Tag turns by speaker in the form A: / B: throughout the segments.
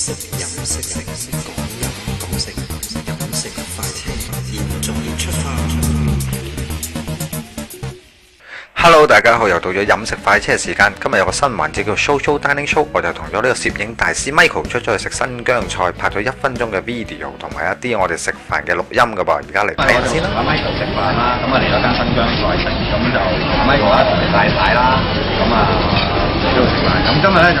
A: 食飲食食講飲講食飲食，飲食，飲食，飲食快車現鐘已出發，出發 Hello，大家好，又到咗飲食快車嘅時間。今日有個新環節叫 Social Dining Show，我就同咗呢個攝影大師 Michael 出咗去食新疆菜，拍咗一分鐘嘅 video，同埋一啲我哋食飯嘅錄音噶噃。而家嚟睇下先 Michael 食飯啦，咁啊嚟咗間新疆菜食，咁就 Michael 一齊拜拜啦。咁、嗯、啊喺度食飯，咁今日咧就。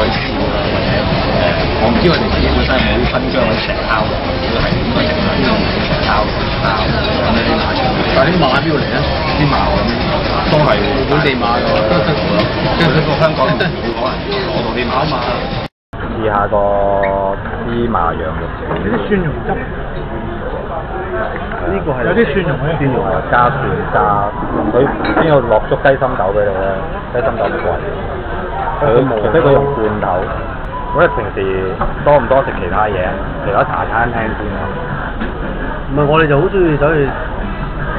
A: 海鮮啊，或者誒，我唔知我哋自己本身係啲新疆嗰啲石烤，唔知
B: 係點樣嘅，烤烤咁咧。但啲馬邊度嚟啊？啲馬啊，都係本地馬噶，即係過香港唔會攞啊。我同你買一買。試下個芝麻羊肉。啲蒜蓉汁，呢個係有啲蒜蓉喺度。蒜蓉加蒜啊！佢邊度落足雞心豆俾你咧？雞心豆好貴。佢冇，非係用罐頭。咁你、嗯、平時多唔多食其他嘢，其他茶餐廳先啊？唔係，我哋就好中意走去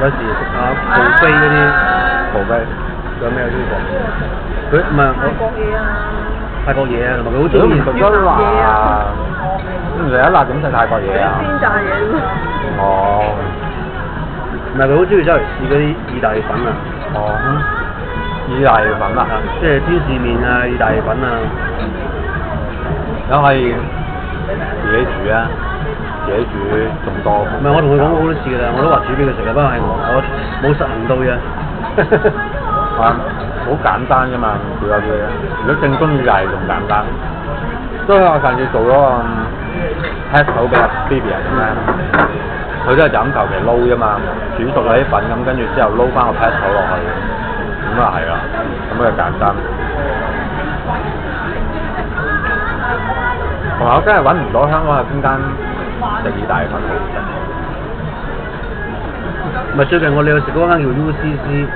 B: 有時食下葡菲嗰啲葡計。有咩呢意？佢唔係我國嘢啊，泰國嘢啊，同埋佢好中意食辛辣啊，唔食一辣咁食泰國嘢啊。邊大嘢啊？哦。唔係佢好中意走去試嗰啲意大利粉啊。哦。嗯意大利粉啊，即係 天使麵啊，意大利粉啊，有係自己煮啊，自己煮仲多。唔係 我同佢講過好多次嘅啦，我都話煮俾佢食嘅，不過係我冇實行到啫。 啊，好簡單噶嘛，煮下佢。如果正宗意大利就係仲簡單。所以我上次做咗個 pat 手俾阿 Bibi 啊，佢都係就求其撈啫嘛，煮熟咗啲粉咁，跟住之後撈翻個 pat 手落去。咁、嗯、啊係啦，咁啊簡單。同埋我真係揾唔到香港係邊間食意大利粉？唔係最近我哋去食嗰間叫 UCC？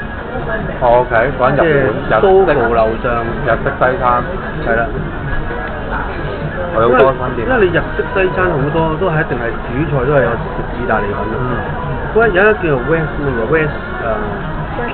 B: 哦、okay，喺港島，即係蘇豪樓上。日式西餐。係啦的。因為好多分店。因為你日式西餐好多，都係一定係主菜都係有食意大利粉，嗯嗯。嗯。不有一家叫 West，叫 West。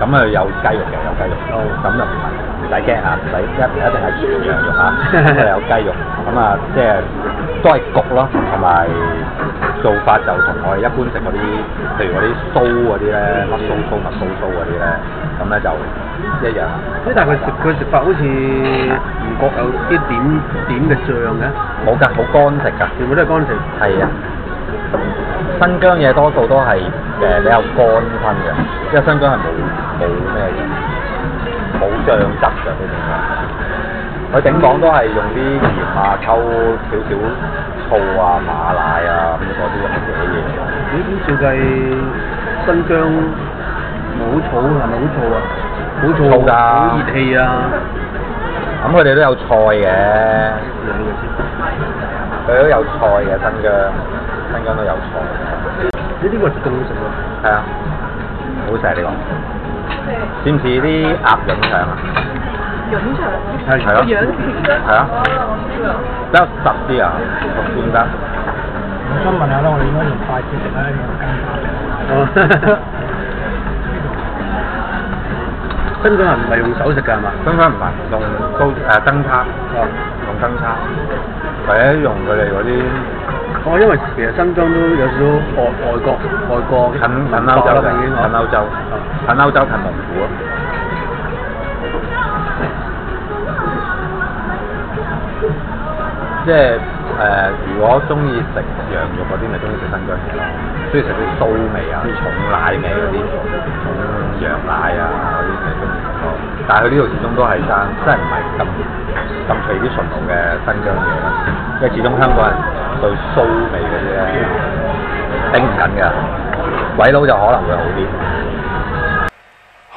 B: 咁啊，有雞肉，嘅、oh.， 有雞肉。哦，咁就唔使驚嚇，唔使一一定係全羊肉嚇，有雞肉。咁啊，即係都係焗咯，同埋做法就同我哋一般食嗰啲，譬如嗰啲酥嗰啲咧，乜酥酥乜酥酥嗰啲咧，咁咧就一樣。咦？但係佢食佢食法好似唔覺有啲點點嘅醬嘅。冇㗎，好乾食㗎，全部都係乾食。係啊。新疆嘢多數都係誒比較乾身嘅，因為新疆係冇冇咩嘅，冇醬汁嘅。佢頂講都係用啲鹽啊，溝少少醋啊、馬奶啊咁嗰啲嘅嘢。咁最近新疆冇草係咪好燥啊？好燥㗎！好熱氣啊！咁佢哋都有菜嘅，佢都有菜嘅新疆。新疆都有菜，呢啲餸真係好食喎！係啊，個好食啊！你講似唔似啲鴨飲腸啊？飲腸，係咯，羊腸啊，比較實啲啊，啊啊啊我想問下啦，我哋應該用筷子食咧，定用羹叉？新疆人唔係用手食㗎係嘛？新疆唔係用刀誒羹叉，用羹叉，或者、啊啊、用佢哋嗰啲。 我、哦、因為其實新疆都有少少外外國外國，國近近歐洲近歐洲，近歐洲近蒙古咯。嗯、即係誒、呃，如果中意食羊肉嗰啲咪中意食新疆嘢咯。中意食啲素味、嗯、啊，啲重奶味嗰啲，重、嗯、羊奶啊嗰啲嘢中意好多。嗯、但係佢呢度始終都係生，真係唔係咁咁隨啲純濃嘅新疆嘢咯。因為始終香港
A: 人。騷味嗰啲咧，頂唔緊㗎，鬼佬就可能會好啲。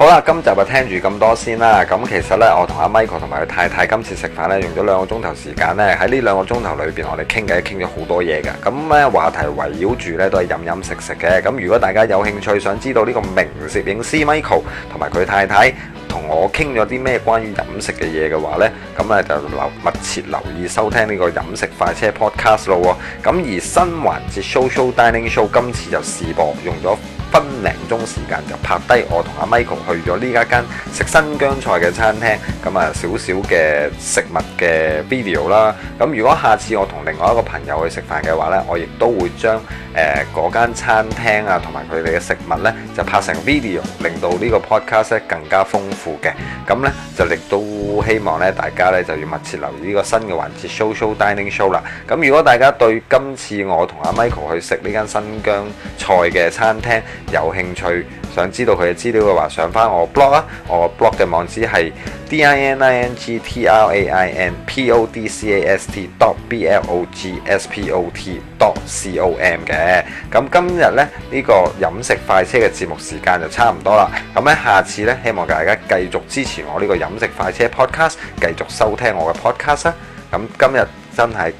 A: 好啦，今集就聽住咁多先啦。咁其實呢，我同阿 Michael 同埋佢太太今次食飯呢，用咗兩個鐘頭時間呢，喺呢兩個鐘頭裏邊，我哋傾偈傾咗好多嘢噶。咁咧，話題圍繞住呢，都係飲飲食食嘅。咁如果大家有興趣想知道呢個名攝影師 Michael 同埋佢太太同我傾咗啲咩關於飲食嘅嘢嘅話呢，咁呢就留密切留意收聽呢個飲食快車 podcast 咯。咁而新環節 Social Dining Show 今次就試播，用咗。分零鐘時間就拍低我同阿 Michael 去咗呢間食新疆菜嘅餐廳，咁啊少少嘅食物嘅 video 啦。咁如果下次我同另外一個朋友去食飯嘅話呢，我亦都會將誒嗰間餐廳啊，同埋佢哋嘅食物呢，就拍成 video，令到呢個 podcast 更加豐富嘅。咁呢，就令到希望呢大家呢，就要密切留意呢個新嘅環節 Social Dining Show 啦。咁如果大家對今次我同阿 Michael 去食呢間新疆菜嘅餐廳，有興趣想知道佢嘅資料嘅話，上翻我 blog 啦，我 blog 嘅網址係 diningtrainpodcast.blogspot.com 嘅。咁今日咧呢個飲食快車嘅節目時間就差唔多啦。咁咧下次咧，希望大家繼續支持我呢個飲食快車 podcast，繼續收聽我嘅 podcast 啊。咁今日真係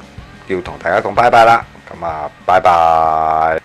A: 要同大家講拜拜啦。咁啊，拜拜。